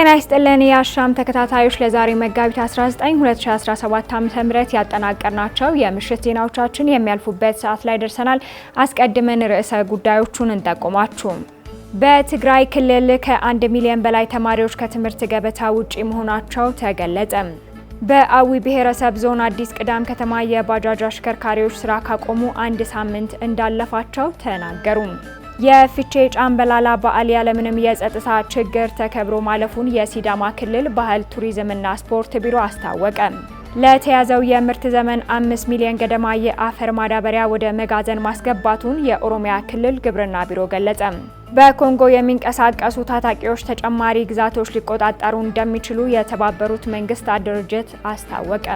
ጤና ይስጥልን የአሻም ተከታታዮች፣ ለዛሬ መጋቢት 19 2017 ዓ ም ያጠናቀርናቸው የምሽት ዜናዎቻችን የሚያልፉበት ሰዓት ላይ ደርሰናል። አስቀድመን ርዕሰ ጉዳዮቹን እንጠቁማችሁ። በትግራይ ክልል ከ1 ሚሊዮን በላይ ተማሪዎች ከትምህርት ገበታ ውጪ መሆናቸው ተገለጸ። በአዊ ብሔረሰብ ዞን አዲስ ቅዳም ከተማ የባጃጅ አሽከርካሪዎች ስራ ካቆሙ አንድ ሳምንት እንዳለፋቸው ተናገሩ። የፊቼ ጫምበላላ በዓል ያለምንም የጸጥታ ችግር ተከብሮ ማለፉን የሲዳማ ክልል ባህል ቱሪዝምና ስፖርት ቢሮ አስታወቀ። ለተያዘው የምርት ዘመን አምስት ሚሊዮን ገደማ የአፈር ማዳበሪያ ወደ መጋዘን ማስገባቱን የኦሮሚያ ክልል ግብርና ቢሮ ገለጸ። በኮንጎ የሚንቀሳቀሱ ታጣቂዎች ተጨማሪ ግዛቶች ሊቆጣጠሩ እንደሚችሉ የተባበሩት መንግስታት ድርጅት አስታወቀ።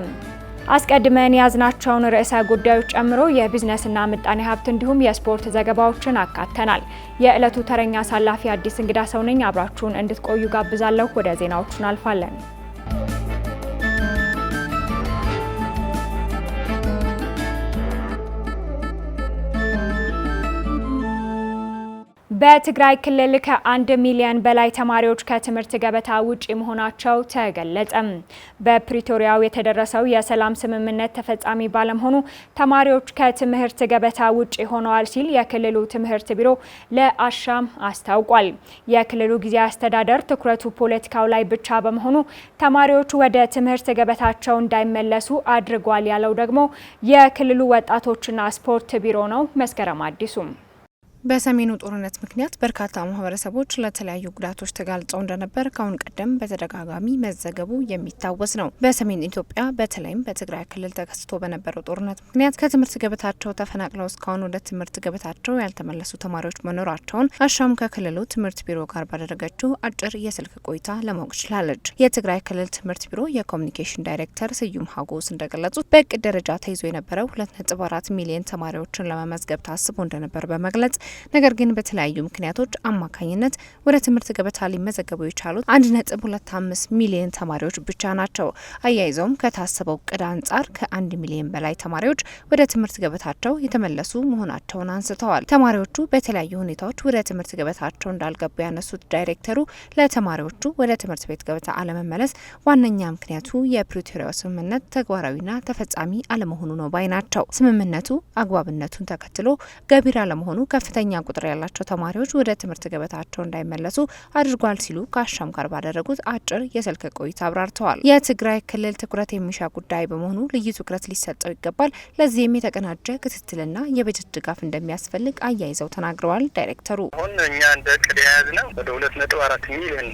አስቀድመን ያዝናቸውን ርዕሰ ጉዳዮች ጨምሮ የቢዝነስና ምጣኔ ሀብት እንዲሁም የስፖርት ዘገባዎችን አካተናል። የዕለቱ ተረኛ አሳላፊ አዲስ እንግዳ ሰው ነኝ። አብራችሁን እንድትቆዩ ጋብዛለሁ። ወደ ዜናዎቹን እናልፋለን። በትግራይ ክልል ከአንድ ሚሊዮን በላይ ተማሪዎች ከትምህርት ገበታ ውጪ መሆናቸው ተገለጸ። በፕሪቶሪያው የተደረሰው የሰላም ስምምነት ተፈጻሚ ባለመሆኑ ተማሪዎች ከትምህርት ገበታ ውጪ ሆነዋል ሲል የክልሉ ትምህርት ቢሮ ለአሻም አስታውቋል። የክልሉ ጊዜያዊ አስተዳደር ትኩረቱ ፖለቲካው ላይ ብቻ በመሆኑ ተማሪዎች ወደ ትምህርት ገበታቸው እንዳይመለሱ አድርጓል ያለው ደግሞ የክልሉ ወጣቶችና ስፖርት ቢሮ ነው። መስከረም አዲሱም በሰሜኑ ጦርነት ምክንያት በርካታ ማህበረሰቦች ለተለያዩ ጉዳቶች ተጋልጸው እንደነበር ከአሁን ቀደም በተደጋጋሚ መዘገቡ የሚታወስ ነው። በሰሜን ኢትዮጵያ በተለይም በትግራይ ክልል ተከስቶ በነበረው ጦርነት ምክንያት ከትምህርት ገበታቸው ተፈናቅለው እስካሁን ወደ ትምህርት ገበታቸው ያልተመለሱ ተማሪዎች መኖራቸውን አሻም ከክልሉ ትምህርት ቢሮ ጋር ባደረገችው አጭር የስልክ ቆይታ ለማወቅ ችላለች። የትግራይ ክልል ትምህርት ቢሮ የኮሚኒኬሽን ዳይሬክተር ስዩም ሀጎስ እንደገለጹት በእቅድ ደረጃ ተይዞ የነበረው አራት ሚሊዮን ተማሪዎችን ለመመዝገብ ታስቦ እንደነበር በመግለጽ ነገር ግን በተለያዩ ምክንያቶች አማካኝነት ወደ ትምህርት ገበታ ሊመዘገቡ የቻሉት አንድ ነጥብ ሁለት አምስት ሚሊዮን ተማሪዎች ብቻ ናቸው። አያይዘውም ከታሰበው እቅድ አንጻር ከአንድ ሚሊዮን በላይ ተማሪዎች ወደ ትምህርት ገበታቸው የተመለሱ መሆናቸውን አንስተዋል። ተማሪዎቹ በተለያዩ ሁኔታዎች ወደ ትምህርት ገበታቸው እንዳልገቡ ያነሱት ዳይሬክተሩ ለተማሪዎቹ ወደ ትምህርት ቤት ገበታ አለመመለስ ዋነኛ ምክንያቱ የፕሪቶሪያው ስምምነት ተግባራዊና ተፈጻሚ አለመሆኑ ነው ባይ ናቸው። ስምምነቱ አግባብነቱን ተከትሎ ገቢር አለመሆኑ ከፍተኛ ከፍተኛ ቁጥር ያላቸው ተማሪዎች ወደ ትምህርት ገበታቸው እንዳይመለሱ አድርጓል ሲሉ ከአሻም ጋር ባደረጉት አጭር የስልክ ቆይታ አብራርተዋል። የትግራይ ክልል ትኩረት የሚሻ ጉዳይ በመሆኑ ልዩ ትኩረት ሊሰጠው ይገባል። ለዚህም የተቀናጀ ክትትልና የበጀት ድጋፍ እንደሚያስፈልግ አያይዘው ተናግረዋል። ዳይሬክተሩ አሁን እኛ እንደ ቅድ የያዝ ነው ወደ ሁለት ነጥብ አራት ሚሊዮን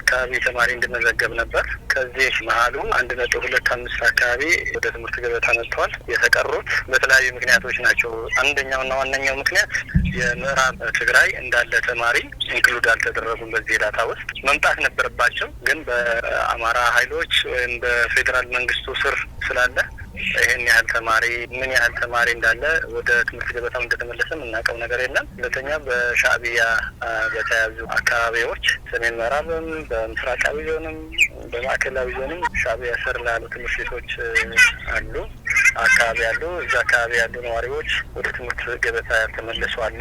አካባቢ ተማሪ እንድመዘገብ ነበር። ከዚህ መሀሉ አንድ ነጥብ ሁለት አምስት አካባቢ ወደ ትምህርት ገበታ መጥተዋል። የተቀሩት በተለያዩ ምክንያቶች ናቸው። አንደኛውና ዋነኛው ምክንያት ምዕራብ ትግራይ እንዳለ ተማሪ ኢንክሉድ አልተደረጉም በዚህ ዳታ ውስጥ መምጣት ነበረባቸው። ግን በአማራ ኃይሎች ወይም በፌዴራል መንግስቱ ስር ስላለ ይህን ያህል ተማሪ ምን ያህል ተማሪ እንዳለ ወደ ትምህርት ገበታው እንደተመለሰ የምናውቀው ነገር የለም። ሁለተኛ በሻዕቢያ በተያዙ አካባቢዎች ሰሜን ምዕራብም፣ በምስራቃዊ ዞንም፣ በማዕከላዊ ዞንም ሻዕቢያ ስር ላሉ ትምህርት ቤቶች አሉ። አካባቢ ያሉ እዚ አካባቢ ያሉ ነዋሪዎች ወደ ትምህርት ገበታ ያልተመለሱ አሉ።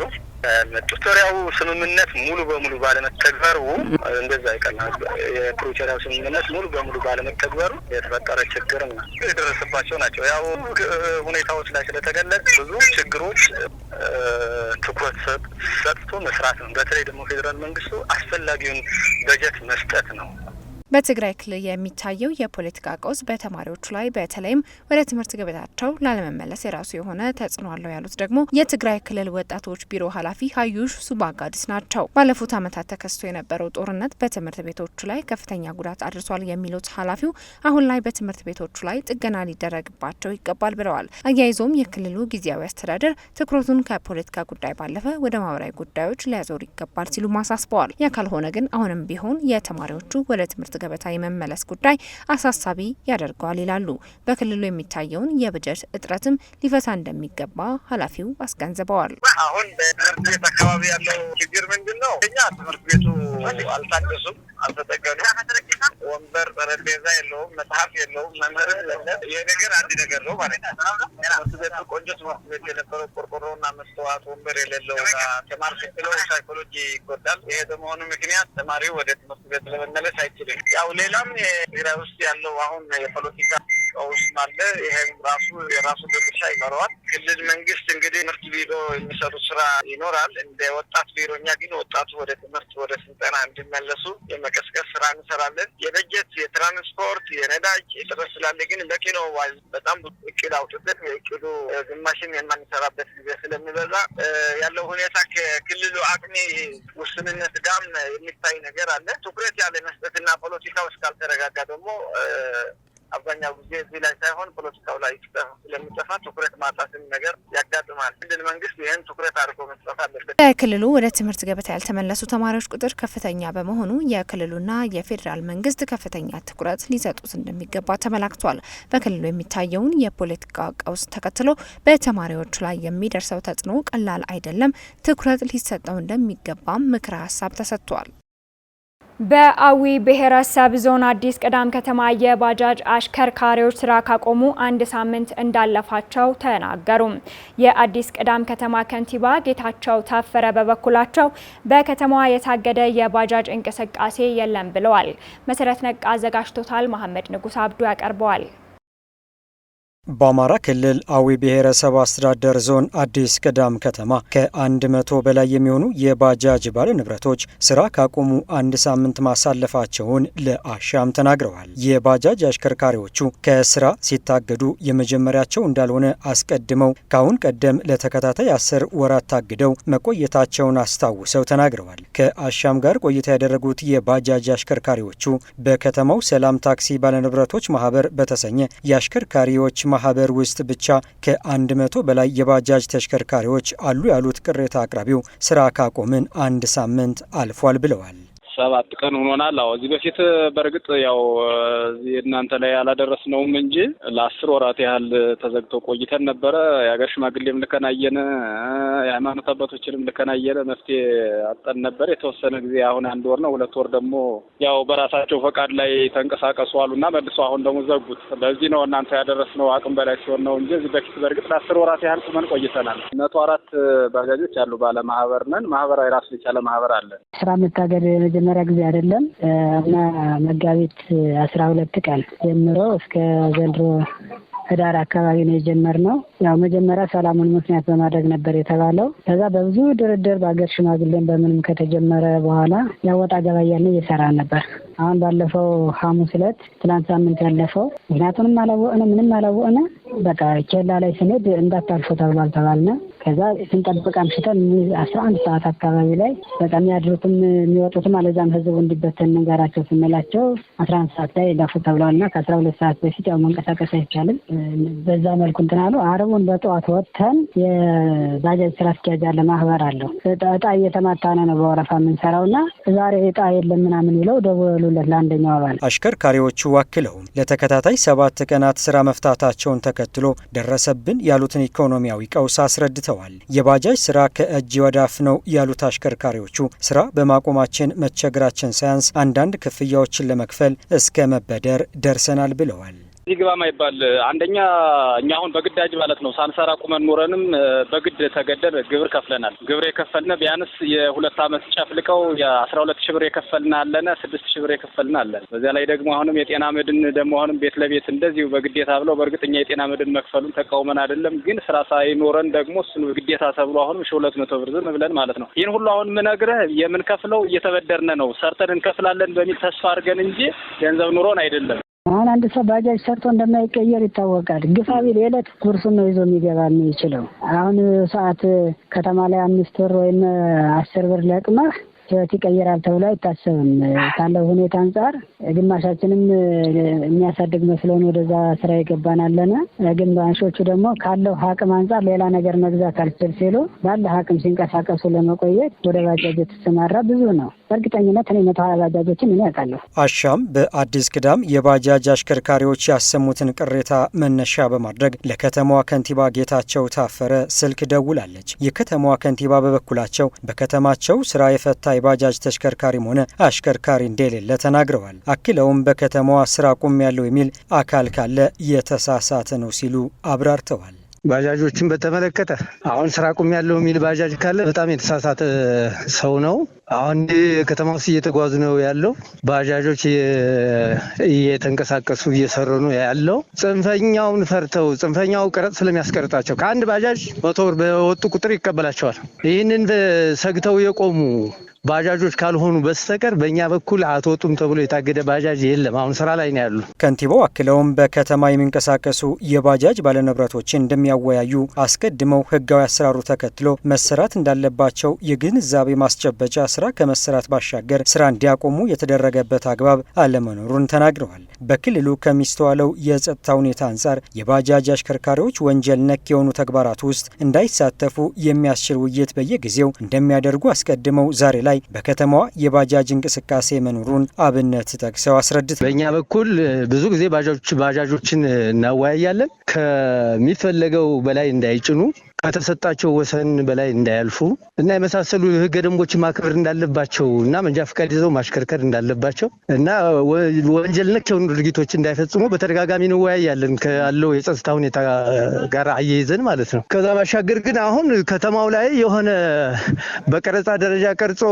ፕሪቶሪያው ስምምነት ሙሉ በሙሉ ባለመተግበሩ እንደዛ ይቀላል። የፕሪቶሪያው ስምምነት ሙሉ በሙሉ ባለመተግበሩ የተፈጠረ ችግር ነው የደረሰባቸው ናቸው። ያው ሁኔታዎች ላይ ስለተገለጽ ብዙ ችግሮች ትኩረት ሰጥቶ መስራት ነው። በተለይ ደግሞ ፌዴራል መንግስቱ አስፈላጊውን በጀት መስጠት ነው። በትግራይ ክልል የሚታየው የፖለቲካ ቀውስ በተማሪዎቹ ላይ በተለይም ወደ ትምህርት ገበታቸው ላለመመለስ የራሱ የሆነ ተጽዕኖ አለው ያሉት ደግሞ የትግራይ ክልል ወጣቶች ቢሮ ኃላፊ ሀዩሽ ሱባጋዲስ ናቸው። ባለፉት ዓመታት ተከስቶ የነበረው ጦርነት በትምህርት ቤቶቹ ላይ ከፍተኛ ጉዳት አድርሷል የሚሉት ኃላፊው አሁን ላይ በትምህርት ቤቶቹ ላይ ጥገና ሊደረግባቸው ይገባል ብለዋል። አያይዞም የክልሉ ጊዜያዊ አስተዳደር ትኩረቱን ከፖለቲካ ጉዳይ ባለፈ ወደ ማህበራዊ ጉዳዮች ሊያዞር ይገባል ሲሉ ማሳስበዋል። ያ ካልሆነ ግን አሁንም ቢሆን የተማሪዎቹ ወደ ትምህርት ገበታ የመመለስ ጉዳይ አሳሳቢ ያደርገዋል ይላሉ። በክልሉ የሚታየውን የበጀት እጥረትም ሊፈታ እንደሚገባ ኃላፊው አስገንዝበዋል። አሁን በትምህርት ቤት አካባቢ ያለው ችግር ምንድን ነው? እኛ ትምህርት ቤቱ አልታደሱም አልተጠቀምንም። ወንበር ጠረጴዛ የለውም፣ መጽሐፍ የለውም፣ መምህር የለም። ይህ ነገር አንድ ነገር ነው ማለት ነው። ትምህርት ቤቱ ቆንጆ ትምህርት ቤት የነበረው ቆርቆሮና መስተዋት ወንበር የሌለው ተማሪ ስትለው ሳይኮሎጂ ይጎዳል። ይሄ በመሆኑ ምክንያት ተማሪው ወደ ትምህርት ቤት ለመመለስ አይችልም። ያው ሌላም ትግራይ ውስጥ ያለው አሁን የፖለቲካ ቀውስም አለ። ይሄም ራሱ የራሱ ድርሻ ይኖረዋል። ክልል መንግስት እንግዲህ ትምህርት ቢሮ የሚሰሩት ስራ ይኖራል። እንደ ወጣት ቢሮኛ ግን ወጣቱ ወደ ትምህርት ወደ ስልጠና እንዲመለሱ የመቀስቀስ ስራ እንሰራለን። የበጀት የትራንስፖርት፣ የነዳጅ እጥረት ስላለ ግን በቂ ነው። በጣም እቅድ አውጥተን የእቅዱ ግማሽን የማንሰራበት ጊዜ ስለሚበዛ ያለው ሁኔታ ከክልሉ አቅሚ ውስንነት ጋር የሚታይ ነገር አለ። ትኩረት ያለ መስጠትና ፖለቲካው እስካልተረጋጋ ደግሞ አብዛኛው ጊዜ እዚህ ላይ ሳይሆን ፖለቲካው ላይ ስለሚጠፋ ትኩረት ማጣትን ነገር ያጋጥማል። ክልል መንግስት ይህን ትኩረት አድርጎ መስጠት አለበት። በክልሉ ወደ ትምህርት ገበታ ያልተመለሱ ተማሪዎች ቁጥር ከፍተኛ በመሆኑ የክልሉና የፌዴራል መንግስት ከፍተኛ ትኩረት ሊሰጡት እንደሚገባ ተመላክቷል። በክልሉ የሚታየውን የፖለቲካ ቀውስ ተከትሎ በተማሪዎቹ ላይ የሚደርሰው ተጽዕኖ ቀላል አይደለም፣ ትኩረት ሊሰጠው እንደሚገባም ምክረ ሀሳብ ተሰጥቷል። በአዊ ብሔረሰብ ዞን አዲስ ቅዳም ከተማ የባጃጅ አሽከርካሪዎች ስራ ካቆሙ አንድ ሳምንት እንዳለፋቸው ተናገሩ። የአዲስ ቅዳም ከተማ ከንቲባ ጌታቸው ታፈረ በበኩላቸው በከተማዋ የታገደ የባጃጅ እንቅስቃሴ የለም ብለዋል። መሰረት ነቃ አዘጋጅቶታል። መሐመድ ንጉስ አብዱ ያቀርበዋል። በአማራ ክልል አዊ ብሔረሰብ አስተዳደር ዞን አዲስ ቅዳም ከተማ ከአንድ መቶ በላይ የሚሆኑ የባጃጅ ባለ ንብረቶች ስራ ካቆሙ አንድ ሳምንት ማሳለፋቸውን ለአሻም ተናግረዋል። የባጃጅ አሽከርካሪዎቹ ከስራ ሲታገዱ የመጀመሪያቸው እንዳልሆነ አስቀድመው ከአሁን ቀደም ለተከታታይ አስር ወራት ታግደው መቆየታቸውን አስታውሰው ተናግረዋል። ከአሻም ጋር ቆይታ ያደረጉት የባጃጅ አሽከርካሪዎቹ በከተማው ሰላም ታክሲ ባለንብረቶች ማህበር በተሰኘ የአሽከርካሪዎች ማህበር ውስጥ ብቻ ከአንድ መቶ በላይ የባጃጅ ተሽከርካሪዎች አሉ ያሉት ቅሬታ አቅራቢው ስራ ካቆምን አንድ ሳምንት አልፏል ብለዋል። ሰባት ቀን ሆኖናል። አዎ እዚህ በፊት በእርግጥ ያው እናንተ ላይ አላደረስነውም እንጂ ለአስር ወራት ያህል ተዘግቶ ቆይተን ነበረ። የሀገር ሽማግሌም ልከን የሃይማኖት አባቶችንም ልከን አየን። መፍትሄ አጠን ነበር የተወሰነ ጊዜ። አሁን አንድ ወር ነው ሁለት ወር ደግሞ ያው በራሳቸው ፈቃድ ላይ ተንቀሳቀሱ አሉና መልሶ አሁን ደግሞ ዘጉት። ለዚህ ነው እናንተ ያደረስነው አቅም በላይ ሲሆን ነው እንጂ እዚህ በፊት በእርግጥ ለአስር ወራት ያህል ቁመን ቆይተናል። መቶ አራት ባጃጆች አሉ። ባለማህበር ነን። ማህበራዊ ራሱ የቻለ ማህበር አለን። ስራ መታገድ የመጀመሪያ ጊዜ አይደለም እና መጋቢት አስራ ሁለት ቀን ጀምሮ እስከ ዘንድሮ ህዳር አካባቢ ነው የጀመርነው። ያው መጀመሪያ ሰላሙን ምክንያት በማድረግ ነበር የተባለው። ከዛ በብዙ ድርድር በሀገር ሽማግሌን በምንም ከተጀመረ በኋላ ያወጣ ገባ እያለ እየሰራ ነበር። አሁን ባለፈው ሐሙስ ዕለት ትናንት ሳምንት ያለፈው ምክንያቱንም አላወቅነ ምንም አላወቅነ በቃ ኬላ ላይ ስንሄድ እንዳታልፎ ተብሏል ተባልነ ከዛ ስንጠብቅ አምሽተን አስራ አንድ ሰዓት አካባቢ ላይ በጣም ያድሩትም የሚወጡትም አለዛም ህዝቡ እንዲበተን ንገራቸው ስንላቸው አስራ አንድ ሰዓት ላይ ዳፉ ተብለዋል ተብለዋልና ከአስራ ሁለት ሰዓት በፊት ያው መንቀሳቀስ አይቻልም። በዛ መልኩ እንትን አሉ። አረቡን በጠዋት ወጥተን የባጃጅ ስራ አስኪያጅ አለ ማህበር አለው እጣ እየተማታነ ነው በወረፋ የምንሰራው የምንሰራውና ዛሬ እጣ የለም ምናምን ብለው ደወሉለት ለአንደኛው አባል። አሽከርካሪዎቹ ዋክለው ለተከታታይ ሰባት ቀናት ስራ መፍታታቸውን ተከትሎ ደረሰብን ያሉትን ኢኮኖሚያዊ ቀውስ አስረድተዋል። ገልጸዋል። የባጃጅ ስራ ከእጅ ወዳፍ ነው ያሉት አሽከርካሪዎቹ ስራ በማቆማችን መቸገራችን ሳያንስ አንዳንድ ክፍያዎችን ለመክፈል እስከ መበደር ደርሰናል ብለዋል። እዚህ ግባ ማይባል አንደኛ እኛ አሁን በግዳጅ ማለት ነው ሳንሰራ ቁመን ኖረንም በግድ ተገደን ግብር ከፍለናል። ግብር የከፈልነ ቢያንስ የሁለት ዓመት ጨፍልቀው የአስራ ሁለት ሽብር ብር የከፈልን አለነ ስድስት ሺ ብር የከፈልን አለን። በዚያ ላይ ደግሞ አሁንም የጤና መድን ደግሞ አሁንም ቤት ለቤት እንደዚሁ በግዴታ ብለው በእርግጥ እኛ የጤና መድን መክፈሉን ተቃውመን አይደለም፣ ግን ስራ ሳይኖረን ደግሞ እሱን ግዴታ ተብሎ አሁንም ሺ ሁለት መቶ ብር ዝም ብለን ማለት ነው ይህን ሁሉ አሁን ምነግረህ የምንከፍለው እየተበደርነ ነው ሰርተን እንከፍላለን በሚል ተስፋ አድርገን እንጂ ገንዘብ ኑሮን አይደለም። አሁን አንድ ሰው ባጃጅ ሰርቶ እንደማይቀየር ይታወቃል። ግፋ ቢል የዕለት ጉርሱን ነው ይዞ የሚገባ የሚችለው። አሁን ሰዓት ከተማ ላይ አምስት ብር ወይም አስር ብር ለቅመህ ህይወት ይቀይራል ተብሎ አይታሰብም። ካለው ሁኔታ አንጻር ግማሻችንም የሚያሳድግ መስሎን ወደዛ ስራ ይገባናለን። ባንሾቹ ደግሞ ካለው አቅም አንጻር ሌላ ነገር መግዛት አልችል ሲሉ ባለ አቅም ሲንቀሳቀሱ ለመቆየት ወደ ባጃጅ የተሰማራ ብዙ ነው። በእርግጠኝነት እኔ መቶ ሀያ ባጃጆችን እኔ ያውቃለሁ። አሻም በአዲስ ግዳም የባጃጅ አሽከርካሪዎች ያሰሙትን ቅሬታ መነሻ በማድረግ ለከተማዋ ከንቲባ ጌታቸው ታፈረ ስልክ ደውላለች። የከተማዋ ከንቲባ በበኩላቸው በከተማቸው ስራ የፈታ የባጃጅ ተሽከርካሪም ሆነ አሽከርካሪ እንደሌለ ተናግረዋል። አክለውም በከተማዋ ስራ ቁም ያለው የሚል አካል ካለ የተሳሳተ ነው ሲሉ አብራርተዋል። ባጃጆችን በተመለከተ አሁን ስራ ቁም ያለው የሚል ባጃጅ ካለ በጣም የተሳሳተ ሰው ነው። አሁን ከተማ ውስጥ እየተጓዙ ነው ያለው ባጃጆች እየተንቀሳቀሱ እየሰሩ ነው ያለው። ጽንፈኛውን ፈርተው ጽንፈኛው ቀረጥ ስለሚያስቀርጣቸው ከአንድ ባጃጅ መቶ ብር በወጡ ቁጥር ይቀበላቸዋል። ይህንን ሰግተው የቆሙ ባጃጆች ካልሆኑ በስተቀር በእኛ በኩል አትወጡም ተብሎ የታገደ ባጃጅ የለም። አሁን ስራ ላይ ነው ያሉ ከንቲባው አክለውም በከተማ የሚንቀሳቀሱ የባጃጅ ባለንብረቶችን እንደሚያወያዩ አስቀድመው ህጋዊ አሰራሩ ተከትሎ መሰራት እንዳለባቸው የግንዛቤ ማስጨበጫ ስራ ከመሰራት ባሻገር ስራ እንዲያቆሙ የተደረገበት አግባብ አለመኖሩን ተናግረዋል። በክልሉ ከሚስተዋለው የጸጥታ ሁኔታ አንጻር የባጃጅ አሽከርካሪዎች ወንጀል ነክ የሆኑ ተግባራት ውስጥ እንዳይሳተፉ የሚያስችል ውይይት በየጊዜው እንደሚያደርጉ አስቀድመው ዛሬ ላይ ላይ በከተማዋ የባጃጅ እንቅስቃሴ መኖሩን አብነት ጠቅሰው አስረድተዋል። በእኛ በኩል ብዙ ጊዜ ባጃጆችን እናወያያለን ከሚፈለገው በላይ እንዳይጭኑ ከተሰጣቸው ወሰን በላይ እንዳያልፉ እና የመሳሰሉ ህገ ደንቦች ማክበር እንዳለባቸው እና መንጃ ፈቃድ ይዘው ማሽከርከር እንዳለባቸው እና ወንጀል ነክ የሆኑ ድርጊቶች እንዳይፈጽሙ በተደጋጋሚ እንወያያለን ካለው የጸጥታ ሁኔታ ጋር አያይዘን ማለት ነው። ከዛ ባሻገር ግን አሁን ከተማው ላይ የሆነ በቀረጻ ደረጃ ቀርጾ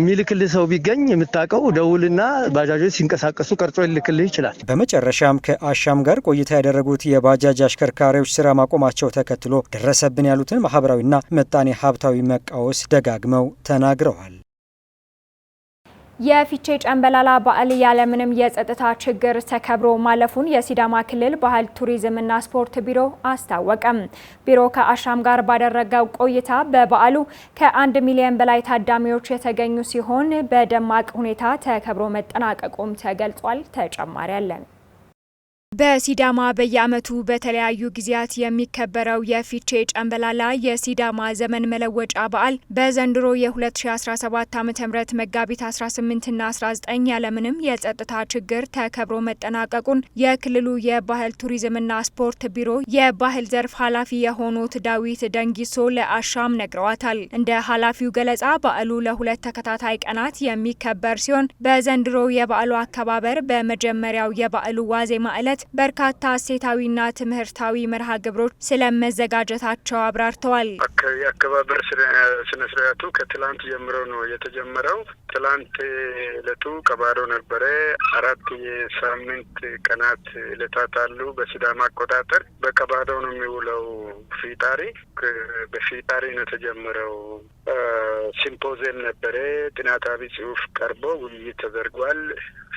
የሚልክልህ ሰው ቢገኝ የምታውቀው ደውልና ባጃጆች ሲንቀሳቀሱ ቀርጾ ይልክልህ ይችላል። በመጨረሻም ከአሻም ጋር ቆይታ ያደረጉት የባጃጅ አሽከርካሪዎች ስራ ማቆማቸው ተከትሎ ደረሰ አለብን ያሉትን ማህበራዊና ምጣኔ ሀብታዊ መቃወስ ደጋግመው ተናግረዋል። የፊቼ ጨንበላላ በዓል ያለምንም የጸጥታ ችግር ተከብሮ ማለፉን የሲዳማ ክልል ባህል ቱሪዝምና ስፖርት ቢሮ አስታወቀም። ቢሮ ከአሻም ጋር ባደረገው ቆይታ በበዓሉ ከአንድ ሚሊዮን በላይ ታዳሚዎች የተገኙ ሲሆን በደማቅ ሁኔታ ተከብሮ መጠናቀቁም ተገልጿል። ተጨማሪ አለን። በሲዳማ በየዓመቱ በተለያዩ ጊዜያት የሚከበረው የፊቼ ጨንበላላ የሲዳማ ዘመን መለወጫ በዓል በዘንድሮ የ2017 ዓ ም መጋቢት 18ና 19 ያለምንም የጸጥታ ችግር ተከብሮ መጠናቀቁን የክልሉ የባህል ቱሪዝምና ስፖርት ቢሮ የባህል ዘርፍ ኃላፊ የሆኑት ዳዊት ደንጊሶ ለአሻም ነግረዋታል። እንደ ኃላፊው ገለጻ በዓሉ ለሁለት ተከታታይ ቀናት የሚከበር ሲሆን በዘንድሮ የበዓሉ አከባበር በመጀመሪያው የበዓሉ ዋዜማ ዕለት በርካታ ሴታዊና ትምህርታዊ መርሃ ግብሮች ስለመዘጋጀታቸው አብራርተዋል። የአከባበር ስነ ስርዓቱ ከትላንት ጀምሮ ነው የተጀመረው። ትላንት እለቱ ቀባዶ ነበረ። አራት የሳምንት ቀናት እለታት አሉ። በሲዳማ አቆጣጠር በቀባዶ ነው የሚውለው። ፊጣሪ በፊጣሪ ነው የተጀመረው። ሲምፖዚየም ነበረ። ጥናታዊ ጽሑፍ ቀርቦ ውይይት ተደርጓል።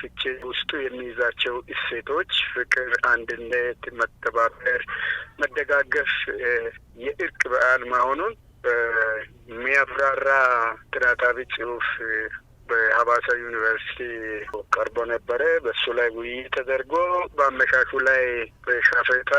ፍቼ ውስጡ የሚይዛቸው እሴቶች ፍቅር፣ አንድነት፣ መተባበር፣ መደጋገፍ የእርቅ በዓል መሆኑን የሚያብራራ ጥናታዊ ጽሁፍ በሀባሳ ዩኒቨርሲቲ ቀርቦ ነበረ። በሱ ላይ ውይይት ተደርጎ በአመሻሹ ላይ በሻፈታ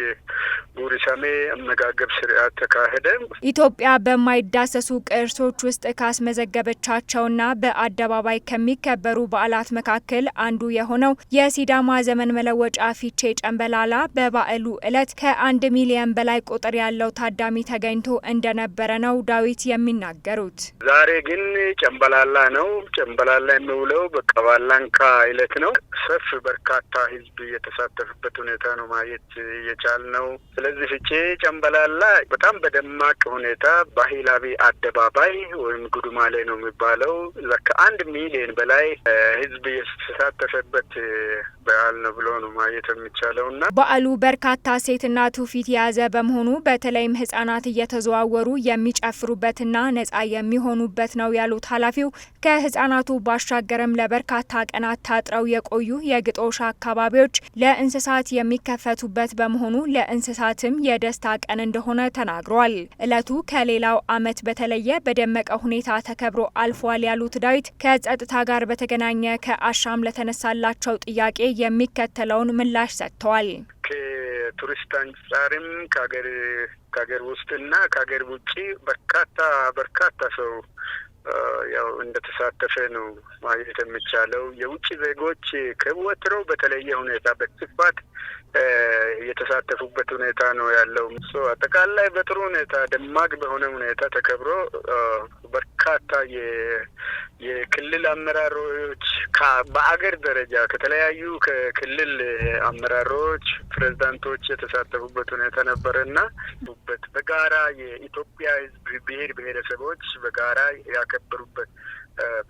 የጉሪሳሜ አመጋገብ ስርዓት ተካሄደ። ኢትዮጵያ በማይዳሰሱ ቅርሶች ውስጥ ካስመዘገበቻቸውና በአደባባይ ከሚከበሩ በዓላት መካከል አንዱ የሆነው የሲዳማ ዘመን መለወጫ ፊቼ ጨንበላላ በበዓሉ ዕለት ከአንድ ሚሊየን በላይ ቁጥር ያለው ታዳሚ ተገኝቶ እንደነበረ ነው ዳዊት የሚናገሩት። ዛሬ ግን ጨንበላላ ነው። ነው። ጨንበላላ የሚውለው በቃ ባላንካ አይለት ነው። ሰፍ በርካታ ህዝብ የተሳተፈበት ሁኔታ ነው ማየት እየቻል ነው። ስለዚህ ፍቼ ጨንበላላ በጣም በደማቅ ሁኔታ ባህላዊ አደባባይ ወይም ጉዱማሌ ነው የሚባለው ከአንድ ሚሊዮን በላይ ህዝብ የተሳተፈበት በዓል ነው ብሎ ነው ማየት የሚቻለው እና በዓሉ በርካታ ሴትና ትውፊት የያዘ በመሆኑ በተለይም ህጻናት እየተዘዋወሩ የሚጨፍሩበትና ነጻ የሚሆኑበት ነው ያሉት ኃላፊው ከ ከህጻናቱ ባሻገርም ለበርካታ ቀናት ታጥረው የቆዩ የግጦሽ አካባቢዎች ለእንስሳት የሚከፈቱበት በመሆኑ ለእንስሳትም የደስታ ቀን እንደሆነ ተናግሯል። እለቱ ከሌላው ዓመት በተለየ በደመቀ ሁኔታ ተከብሮ አልፏል ያሉት ዳዊት ከጸጥታ ጋር በተገናኘ ከአሻም ለተነሳላቸው ጥያቄ የሚከተለውን ምላሽ ሰጥተዋል። ከቱሪስት አንጻርም ከሀገር ከሀገር ውስጥና ከሀገር ውጭ በርካታ በርካታ ሰው ያው እንደተሳተፈ ነው ማየት የሚቻለው። የውጭ ዜጎች ከወትሮው በተለየ ሁኔታ በስፋት የተሳተፉበት ሁኔታ ነው ያለው። አጠቃላይ በጥሩ ሁኔታ ደማቅ በሆነ ሁኔታ ተከብሮ በርካታ የክልል አመራሮች በአገር ደረጃ ከተለያዩ ከክልል አመራሮች፣ ፕሬዝዳንቶች የተሳተፉበት ሁኔታ ነበረ እና በት በጋራ የኢትዮጵያ ሕዝብ ብሄር ብሄረሰቦች በጋራ ያከበሩበት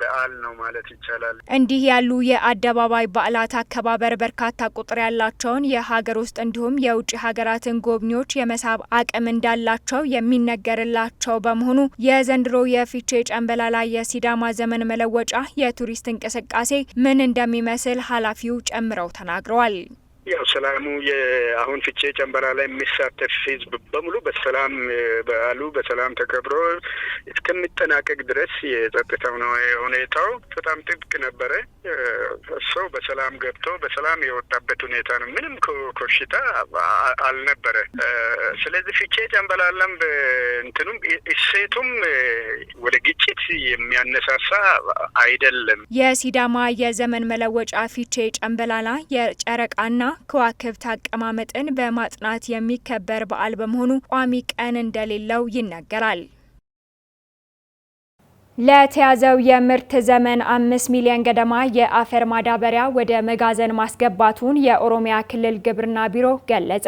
በዓል ነው ማለት ይቻላል። እንዲህ ያሉ የአደባባይ በዓላት አከባበር በርካታ ቁጥር ያላቸውን የሀገር ውስጥ እንዲሁም የውጭ ሀገራትን ጎብኚዎች የመሳብ አቅም እንዳላቸው የሚነገርላቸው በመሆኑ የዘንድሮ የፊቼ ጨንበላላ የሲዳማ ዘመን መለወጫ የቱሪስት እንቅስቃሴ ምን እንደሚመስል ኃላፊው ጨምረው ተናግረዋል። ያው ሰላሙ የአሁን ፍቼ ጨንበራ ላይ የሚሳተፍ ህዝብ በሙሉ በሰላም በዓሉ በሰላም ተከብሮ እስከሚጠናቀቅ ድረስ የጸጥታው ነው ሁኔታው በጣም ጥብቅ ነበረ። ሰው በሰላም ገብቶ በሰላም የወጣበት ሁኔታ ነው። ምንም ኮሽታ አልነበረ። ስለዚህ ፍቼ ጨንበላላም እንትኑም እሴቱም ወደ ግጭት የሚያነሳሳ አይደለም። የሲዳማ የዘመን መለወጫ ፊቼ ጨንበላላ የጨረቃና ከዋክብት አቀማመጥን በማጥናት የሚከበር በዓል በመሆኑ ቋሚ ቀን እንደሌለው ይነገራል። ለተያዘው የምርት ዘመን አምስት ሚሊዮን ገደማ የአፈር ማዳበሪያ ወደ መጋዘን ማስገባቱን የኦሮሚያ ክልል ግብርና ቢሮ ገለጸ።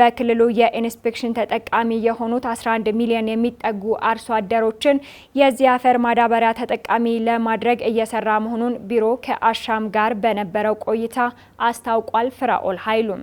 በክልሉ የኢንስፔክሽን ተጠቃሚ የሆኑት 11 ሚሊዮን የሚጠጉ አርሶ አደሮችን የዚህ አፈር ማዳበሪያ ተጠቃሚ ለማድረግ እየሰራ መሆኑን ቢሮ ከአሻም ጋር በነበረው ቆይታ አስታውቋል። ፍራኦል ኃይሉም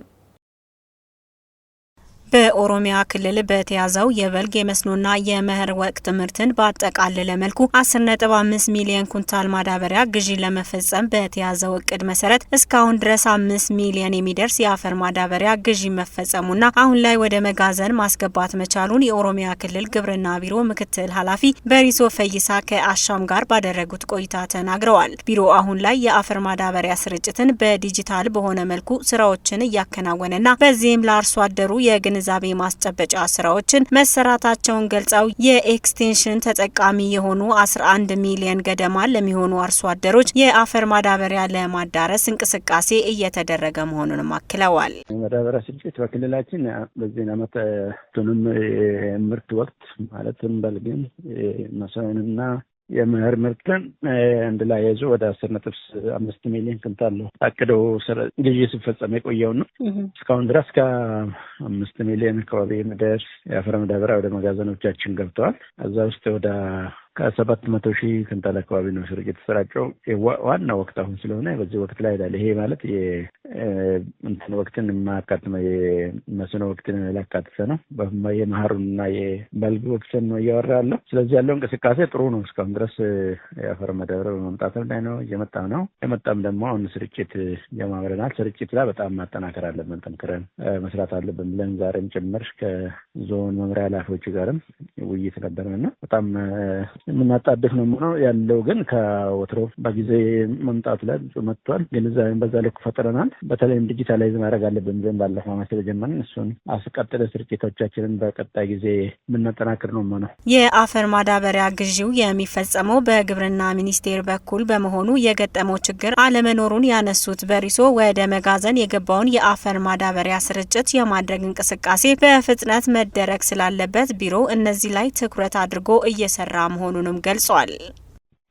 በኦሮሚያ ክልል በተያዘው የበልግ የመስኖና የመኸር ወቅት ምርትን ባጠቃለለ መልኩ 10.5 ሚሊዮን ኩንታል ማዳበሪያ ግዢ ለመፈጸም በተያዘው እቅድ መሰረት እስካሁን ድረስ 5 ሚሊዮን የሚደርስ የአፈር ማዳበሪያ ግዢ መፈጸሙና አሁን ላይ ወደ መጋዘን ማስገባት መቻሉን የኦሮሚያ ክልል ግብርና ቢሮ ምክትል ኃላፊ በሪሶ ፈይሳ ከአሻም ጋር ባደረጉት ቆይታ ተናግረዋል። ቢሮ አሁን ላይ የአፈር ማዳበሪያ ስርጭትን በዲጂታል በሆነ መልኩ ስራዎችን እያከናወነና በዚህም ለአርሶ አደሩ የግን የግንዛቤ ማስጨበጫ ስራዎችን መሰራታቸውን ገልጸው የኤክስቴንሽን ተጠቃሚ የሆኑ 11 ሚሊዮን ገደማ ለሚሆኑ አርሶ አደሮች የአፈር ማዳበሪያ ለማዳረስ እንቅስቃሴ እየተደረገ መሆኑንም አክለዋል። ማዳበሪያ ስርጭት በክልላችን በዚህ ዓመት ቱንም የምርት ወቅት ማለትም በልግም መሰንና የምህር ምርትን አንድ ላይ ይዞ ወደ አስር ነጥብ አምስት ሚሊዮን ኩንታል ነው አቅደው ግዢ ሲፈጸም የቆየው ነው። እስካሁን ድረስ ከአምስት ሚሊዮን አካባቢ የሚደርስ የአፈር ማዳበሪያ ወደ መጋዘኖቻችን ገብተዋል። እዛ ውስጥ ወደ ከሰባት መቶ ሺህ ክንታል አካባቢ ነው ስርጭት የተሰራጨው። ዋና ወቅት አሁን ስለሆነ በዚህ ወቅት ላይ ይሄ ማለት እንትን ወቅትን የማያካትመ የመስኖ ወቅትን ላካትተ ነው። የመኸሩንና የበልግ ወቅትን ነው እያወራ ያለው። ስለዚህ ያለው እንቅስቃሴ ጥሩ ነው። እስካሁን ድረስ የአፈር መደብረ በመምጣት ላይ ነው እየመጣ ነው። የመጣም ደግሞ አሁን ስርጭት ጀማምረናል። ስርጭት ላይ በጣም ማጠናከር አለብን፣ ጠንክረን መስራት አለብን ብለን ዛሬም ጭምር ከዞን መምሪያ ኃላፊዎች ጋርም ውይይት ነበረና በጣም የምናጣድፍ ነው ሆነው ያለው ግን ከወትሮ በጊዜ መምጣቱ ላይ መጥቷል። ግንዛቤን በዛ ልክ ፈጥረናል። በተለይም ዲጂታላይዝ ማድረግ አለብን ብለን ባለፈው ዓመት ስለጀመርን እሱን አስቀጥለ ስርጭቶቻችንን በቀጣይ ጊዜ የምናጠናክር ነው ሆነው የአፈር ማዳበሪያ ግዢው የሚፈጸመው በግብርና ሚኒስቴር በኩል በመሆኑ የገጠመው ችግር አለመኖሩን ያነሱት በሪሶ ወደ መጋዘን የገባውን የአፈር ማዳበሪያ ስርጭት የማድረግ እንቅስቃሴ በፍጥነት መደረግ ስላለበት ቢሮ እነዚህ ላይ ትኩረት አድርጎ እየሰራ መሆኑንም ገልጿል።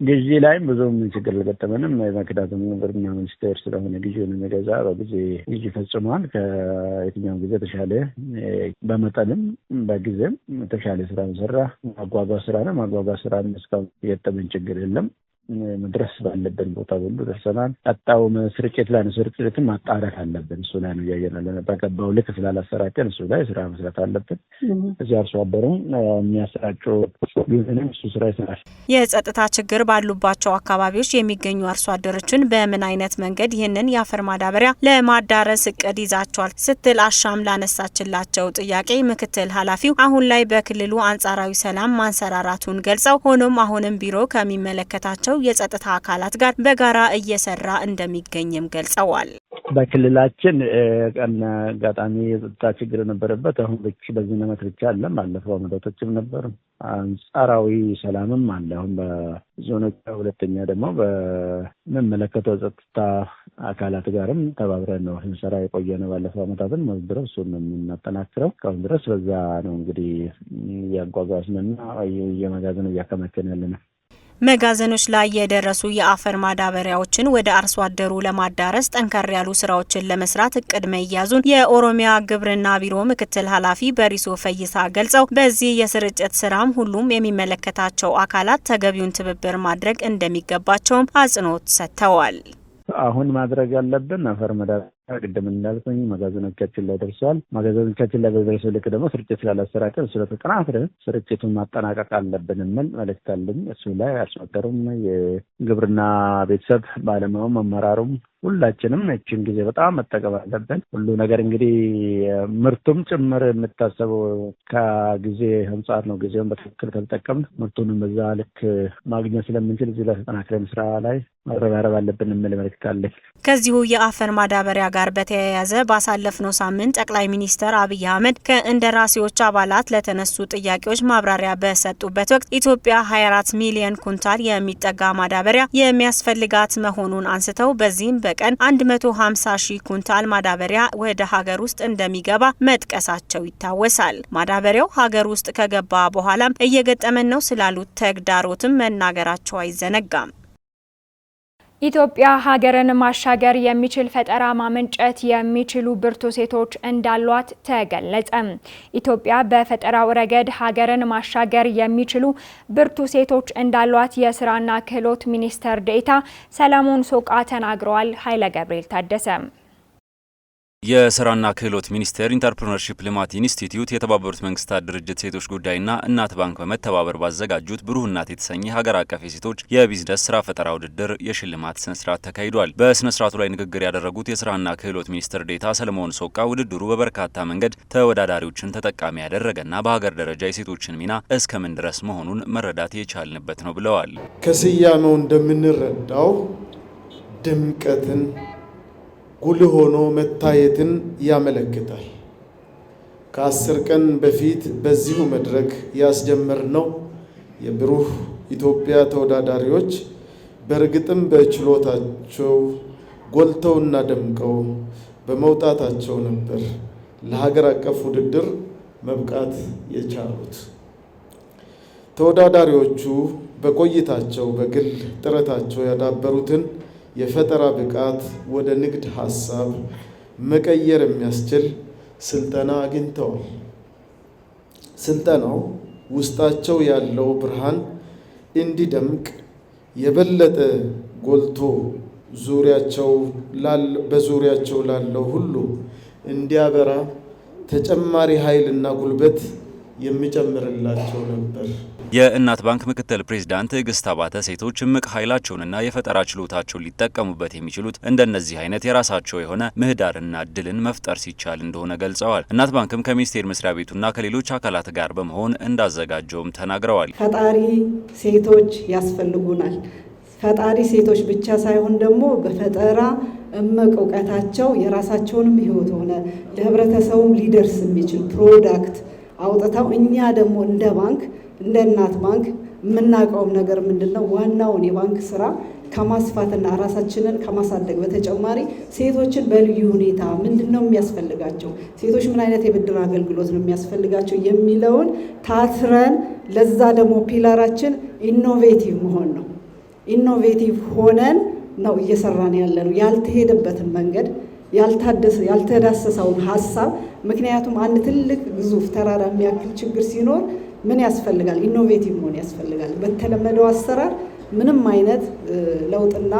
ጊዜ ላይም ብዙም ችግር አልገጠመንም። መክዳትም ነበር ሚኒስቴር ስለሆነ ጊዜውን የሚገዛ በጊዜ ግዥ ፈጽሟል። ከየትኛውም ጊዜ ተሻለ በመጠንም በጊዜም ተሻለ ስራ ሰራ። ማጓጓዝ ስራ ነው። ማጓጓዝ ስራ እስካሁን የገጠመን ችግር የለም። መድረስ ባለብን ቦታ ሁሉ ደርሰናል። ቀጣው ስርጭት ላይ ነው። ስርጭትን ማጣራት አለብን። እሱ ላይ ነው ያለ በገባው ልክ ስላላሰራጨን እሱ ላይ ስራ መስራት አለብን። እዚህ አርሶ አደሩም የሚያሰራጨው ቢሆንም እሱ ስራ ይሰራል። የጸጥታ ችግር ባሉባቸው አካባቢዎች የሚገኙ አርሶ አደሮችን በምን አይነት መንገድ ይህንን የአፈር ማዳበሪያ ለማዳረስ እቅድ ይዛቸዋል ስትል አሻም ላነሳችላቸው ጥያቄ ምክትል ኃላፊው አሁን ላይ በክልሉ አንጻራዊ ሰላም ማንሰራራቱን ገልጸው ሆኖም አሁንም ቢሮ ከሚመለከታቸው የጸጥታ አካላት ጋር በጋራ እየሰራ እንደሚገኝም ገልጸዋል። በክልላችን አጋጣሚ የጸጥታ ችግር የነበረበት አሁን በዚህ ዓመት ብቻ አለም አለፈው መደቶችም ነበሩ። አንጻራዊ ሰላምም አለ። አሁን በዞኖች ሁለተኛ ደግሞ በምመለከተው ጸጥታ አካላት ጋርም ተባብረን ነው ስንሰራ የቆየ ነው። ባለፈው ዓመታትን መዝድረው እሱን ነው የምናጠናክረው። እስካሁን ድረስ በዛ ነው እንግዲህ እያጓጓዝንና የመጋዘን እያከመከን ያለ ነው። መጋዘኖች ላይ የደረሱ የአፈር ማዳበሪያዎችን ወደ አርሶ አደሩ ለማዳረስ ጠንከር ያሉ ስራዎችን ለመስራት እቅድ መያዙን የኦሮሚያ ግብርና ቢሮ ምክትል ኃላፊ በሪሶ ፈይሳ ገልጸው በዚህ የስርጭት ስራም ሁሉም የሚመለከታቸው አካላት ተገቢውን ትብብር ማድረግ እንደሚገባቸውም አጽንኦት ሰጥተዋል። አሁን ማድረግ ያለብን አፈር ማዳበሪያ ቅድም እንዳልኩኝ መጋዘኖቻችን ላይ ደርሰዋል። መጋዘኖቻችን ላይ በደረሰው ልክ ደግሞ ስርጭት ስላላሰራጨን ስለተጠናክረ ስርጭቱን ማጠናቀቅ አለብን የሚል መልእክት አለኝ። እሱ ላይ አርሶ አደሩም የግብርና ቤተሰብ ባለሙያውም አመራሩም ሁላችንም እችን ጊዜ በጣም መጠቀም አለብን። ሁሉ ነገር እንግዲህ ምርቱም ጭምር የምታሰበው ከጊዜ አንጻር ነው። ጊዜውን በትክክል ከተጠቀምን ምርቱንም በዛ ልክ ማግኘት ስለምንችል እዚህ ለተጠናክረን ስራ ላይ መረባረብ አለብን የምል መልዕክት አለኝ። ከዚሁ የአፈር ማዳበሪያ ጋር በተያያዘ ባሳለፍነው ሳምንት ጠቅላይ ሚኒስትር አብይ አህመድ ከእንደራሴዎች አባላት ለተነሱ ጥያቄዎች ማብራሪያ በሰጡበት ወቅት ኢትዮጵያ 24 ሚሊዮን ኩንታል የሚጠጋ ማዳበሪያ የሚያስፈልጋት መሆኑን አንስተው በዚህም በ በቀን 150 ሺህ ኩንታል ማዳበሪያ ወደ ሀገር ውስጥ እንደሚገባ መጥቀሳቸው ይታወሳል። ማዳበሪያው ሀገር ውስጥ ከገባ በኋላም እየገጠመን ነው ስላሉት ተግዳሮትም መናገራቸው አይዘነጋም። ኢትዮጵያ ሀገርን ማሻገር የሚችል ፈጠራ ማመንጨት የሚችሉ ብርቱ ሴቶች እንዳሏት ተገለጸ። ኢትዮጵያ በፈጠራው ረገድ ሀገርን ማሻገር የሚችሉ ብርቱ ሴቶች እንዳሏት የስራና ክህሎት ሚኒስቴር ዴኤታ ሰለሞን ሶቃ ተናግረዋል። ኃይለ ገብርኤል ታደሰ የስራና ክህሎት ሚኒስቴር ኢንተርፕርነርሺፕ ልማት ኢንስቲትዩት የተባበሩት መንግስታት ድርጅት ሴቶች ጉዳይና እናት ባንክ በመተባበር ባዘጋጁት ብሩህ እናት የተሰኘ ሀገር አቀፍ የሴቶች የቢዝነስ ስራ ፈጠራ ውድድር የሽልማት ስነስርዓት ተካሂዷል። በስነስርዓቱ ላይ ንግግር ያደረጉት የስራና ክህሎት ሚኒስትር ዴታ ሰለሞን ሶቃ ውድድሩ በበርካታ መንገድ ተወዳዳሪዎችን ተጠቃሚ ያደረገና በሀገር ደረጃ የሴቶችን ሚና እስከምን ድረስ መሆኑን መረዳት የቻልንበት ነው ብለዋል። ከስያመው እንደምንረዳው ድምቀትን ጉልህ ሆኖ መታየትን ያመለክታል። ከአስር ቀን በፊት በዚሁ መድረክ ያስጀመርነው የብሩህ ኢትዮጵያ ተወዳዳሪዎች በእርግጥም በችሎታቸው ጎልተውና ደምቀው በመውጣታቸው ነበር ለሀገር አቀፍ ውድድር መብቃት የቻሉት። ተወዳዳሪዎቹ በቆይታቸው በግል ጥረታቸው ያዳበሩትን የፈጠራ ብቃት ወደ ንግድ ሐሳብ መቀየር የሚያስችል ስልጠና አግኝተዋል። ስልጠናው ውስጣቸው ያለው ብርሃን እንዲደምቅ የበለጠ ጎልቶ ዙሪያቸው በዙሪያቸው ላለው ሁሉ እንዲያበራ ተጨማሪ ኃይልና ጉልበት የሚጨምርላቸው ነበር። የእናት ባንክ ምክትል ፕሬዚዳንት እግስት አባተ ሴቶች እምቅ ኃይላቸውንና የፈጠራ ችሎታቸውን ሊጠቀሙበት የሚችሉት እንደነዚህ አይነት የራሳቸው የሆነ ምህዳርና እድልን መፍጠር ሲቻል እንደሆነ ገልጸዋል። እናት ባንክም ከሚኒስቴር መስሪያ ቤቱና ከሌሎች አካላት ጋር በመሆን እንዳዘጋጀውም ተናግረዋል። ፈጣሪ ሴቶች ያስፈልጉናል። ፈጣሪ ሴቶች ብቻ ሳይሆን ደግሞ በፈጠራ እምቅ እውቀታቸው የራሳቸውንም ህይወት ሆነ ለህብረተሰቡም ሊደርስ የሚችል ፕሮዳክት አውጥተው እኛ ደግሞ እንደ ባንክ እንደ እናት ባንክ የምናውቀውም ነገር ምንድን ነው ዋናውን የባንክ ስራ ከማስፋትና ራሳችንን ከማሳደግ በተጨማሪ ሴቶችን በልዩ ሁኔታ ምንድን ነው የሚያስፈልጋቸው፣ ሴቶች ምን አይነት የብድር አገልግሎት ነው የሚያስፈልጋቸው የሚለውን ታትረን ለዛ ደግሞ ፒላራችን ኢኖቬቲቭ መሆን ነው። ኢኖቬቲቭ ሆነን ነው እየሰራን ያለ ነው። ያልተሄደበትን መንገድ ያልተዳሰሰውን ሀሳብ ምክንያቱም አንድ ትልቅ ግዙፍ ተራራ የሚያክል ችግር ሲኖር ምን ያስፈልጋል? ኢኖቬቲቭ መሆን ያስፈልጋል። በተለመደው አሰራር ምንም አይነት ለውጥና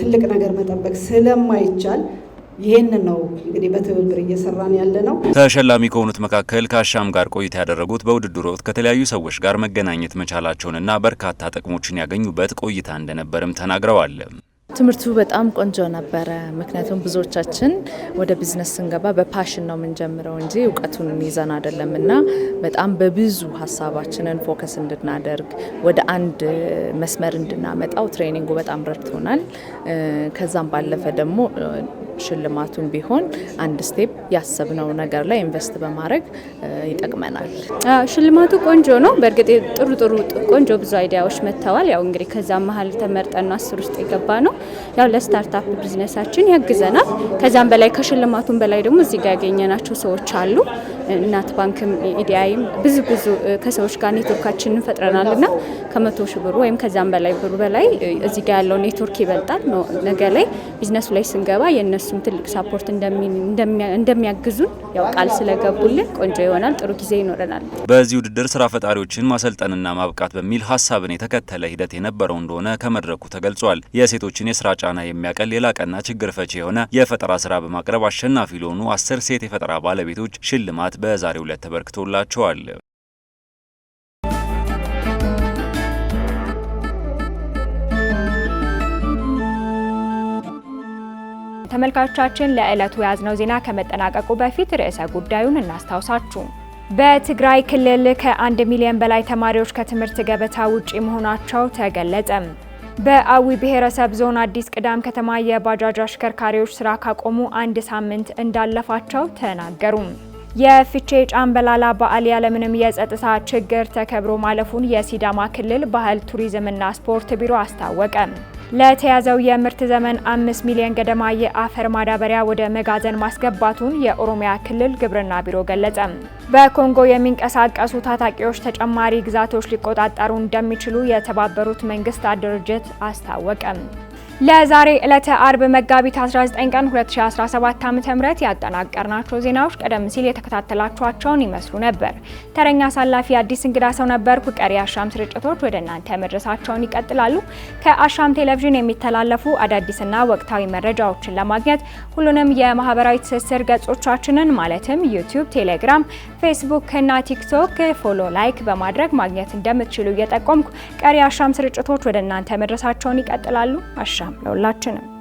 ትልቅ ነገር መጠበቅ ስለማይቻል ይህንን ነው እንግዲህ በትብብር እየሰራን ያለ ነው። ተሸላሚ ከሆኑት መካከል ከአሻም ጋር ቆይታ ያደረጉት በውድድሩ ወቅት ከተለያዩ ሰዎች ጋር መገናኘት መቻላቸውንና በርካታ ጥቅሞችን ያገኙበት ቆይታ እንደነበርም ተናግረዋል። ትምህርቱ በጣም ቆንጆ ነበረ። ምክንያቱም ብዙዎቻችን ወደ ቢዝነስ ስንገባ በፓሽን ነው የምንጀምረው እንጂ እውቀቱን ይዘን አይደለም እና በጣም በብዙ ሀሳባችንን ፎከስ እንድናደርግ ወደ አንድ መስመር እንድናመጣው ትሬኒንጉ በጣም ረድቶናል። ከዛም ባለፈ ደግሞ ሽልማቱን ቢሆን አንድ ስቴፕ ያሰብነው ነገር ላይ ኢንቨስት በማድረግ ይጠቅመናል። ሽልማቱ ቆንጆ ነው። በእርግጥ ጥሩ ጥሩ ቆንጆ ብዙ አይዲያዎች መጥተዋል። ያው እንግዲህ ከዛ መሀል ተመርጠን ነው አስር ውስጥ የገባ ነው። ያው ለስታርታፕ ቢዝነሳችን ያግዘናል። ከዛም በላይ ከሽልማቱን በላይ ደግሞ እዚህ ጋር ያገኘናቸው ሰዎች አሉ እናት ባንክም ኢዲአይም ብዙ ብዙ ከሰዎች ጋር ኔትወርካችንን እንፈጥረናል እና ከመቶ ብሩ ወይም ከዚያም በላይ ብሩ በላይ እዚህ ጋር ያለው ኔትወርክ ይበልጣል። ነገ ላይ ቢዝነሱ ላይ ስንገባ የእነሱም ትልቅ ሳፖርት እንደሚያግዙን ያው ቃል ስለገቡልን ቆንጆ ይሆናል። ጥሩ ጊዜ ይኖረናል። በዚህ ውድድር ስራ ፈጣሪዎችን ማሰልጠንና ማብቃት በሚል ሀሳብን የተከተለ ሂደት የነበረው እንደሆነ ከመድረኩ ተገልጿል። የሴቶችን የስራ ጫና የሚያቀል የላቀና ችግር ፈቺ የሆነ የፈጠራ ስራ በማቅረብ አሸናፊ ለሆኑ አስር ሴት የፈጠራ ባለቤቶች ሽልማት ሽልማት በዛሬው ዕለት ተበርክቶላቸዋል። ተመልካቾቻችን ለዕለቱ የያዝነው ዜና ከመጠናቀቁ በፊት ርዕሰ ጉዳዩን እናስታውሳችሁ። በትግራይ ክልል ከአንድ ሚሊዮን በላይ ተማሪዎች ከትምህርት ገበታ ውጪ መሆናቸው ተገለጸ። በአዊ ብሔረሰብ ዞን አዲስ ቅዳም ከተማ የባጃጅ አሽከርካሪዎች ስራ ካቆሙ አንድ ሳምንት እንዳለፋቸው ተናገሩ። የፊቼ ጫምበላላ በዓል ያለምንም የጸጥታ ችግር ተከብሮ ማለፉን የሲዳማ ክልል ባህል ቱሪዝምና ስፖርት ቢሮ አስታወቀ። ለተያዘው የምርት ዘመን አምስት ሚሊዮን ገደማ የአፈር ማዳበሪያ ወደ መጋዘን ማስገባቱን የኦሮሚያ ክልል ግብርና ቢሮ ገለጸ። በኮንጎ የሚንቀሳቀሱ ታጣቂዎች ተጨማሪ ግዛቶች ሊቆጣጠሩ እንደሚችሉ የተባበሩት መንግስታት ድርጅት አስታወቀ። ለዛሬ ዕለተ አርብ መጋቢት 19 ቀን 2017 ዓ.ም ተምረት ያጠናቀርናቸው ዜናዎች ቀደም ሲል የተከታተላችኋቸውን ይመስሉ ነበር። ተረኛ አሳላፊ አዲስ እንግዳ ሰው ነበርኩ። ቀሪ አሻም ስርጭቶች ወደ እናንተ መድረሳቸውን ይቀጥላሉ። ከአሻም ቴሌቪዥን የሚተላለፉ አዳዲስና ወቅታዊ መረጃዎችን ለማግኘት ሁሉንም የማህበራዊ ትስስር ገጾቻችንን ማለትም ዩቲዩብ፣ ቴሌግራም፣ ፌስቡክ እና ቲክቶክ ፎሎ፣ ላይክ በማድረግ ማግኘት እንደምትችሉ እየጠቆምኩ ቀሪ አሻም ስርጭቶች ወደ እናንተ መድረሳቸውን ይቀጥላሉ። አሻም መጨረሻም ነው